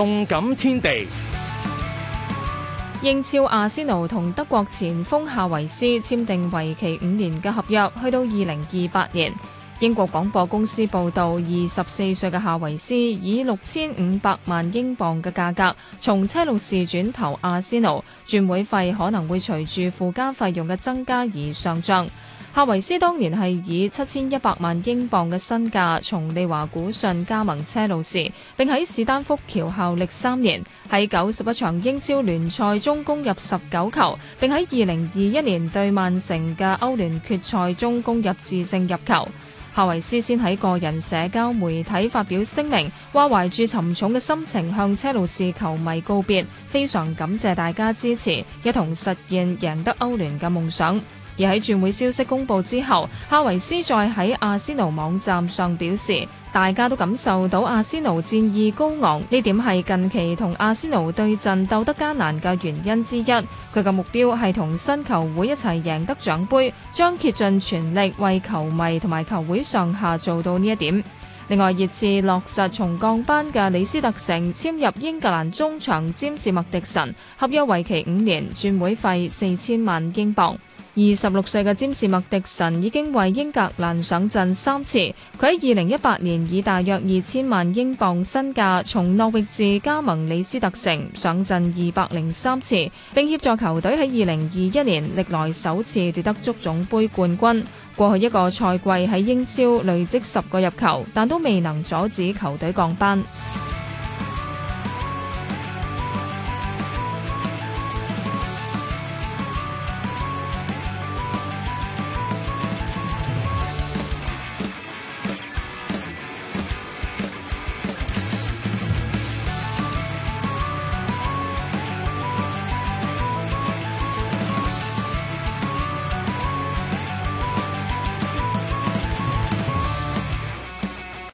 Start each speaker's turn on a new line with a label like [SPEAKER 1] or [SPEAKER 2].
[SPEAKER 1] 動感天地，英超阿仙奴同德國前鋒夏維斯簽訂為期五年嘅合約，去到二零二八年。英國廣播公司報道，二十四歲嘅夏維斯以六千五百萬英鎊嘅價格從車路士轉投阿仙奴，轉會費可能會隨住附加費用嘅增加而上漲。夏維斯當年係以七千一百萬英鎊嘅身價從利華古遜加盟車路士，並喺史丹福橋效力三年，喺九十一場英超聯賽中攻入十九球，並喺二零二一年對曼城嘅歐聯決賽中攻入致勝入球。夏維斯先喺個人社交媒體發表聲明，話懷住沉重嘅心情向車路士球迷告別，非常感謝大家支持，一同實現贏得歐聯嘅夢想。而喺轉會消息公布之後，夏維斯再喺阿仙奴網站上表示，大家都感受到阿仙奴戰意高昂，呢點係近期同阿仙奴對陣鬥得艱難嘅原因之一。佢嘅目標係同新球會一齊贏得獎杯，將竭盡全力為球迷同埋球會上下做到呢一點。另外，熱刺落實從降班嘅李斯特城簽入英格蘭中場詹士麥迪神，合約為期五年，轉會費四千萬英鎊。二十六歲嘅詹士麥迪神已經為英格蘭上陣三次。佢喺二零一八年以大約二千萬英鎊身價從諾域治加盟李斯特城，上陣二百零三次，並協助球隊喺二零二一年歷來首次奪得足總杯冠軍。過去一個賽季喺英超累積十個入球，但都未能阻止球隊降班。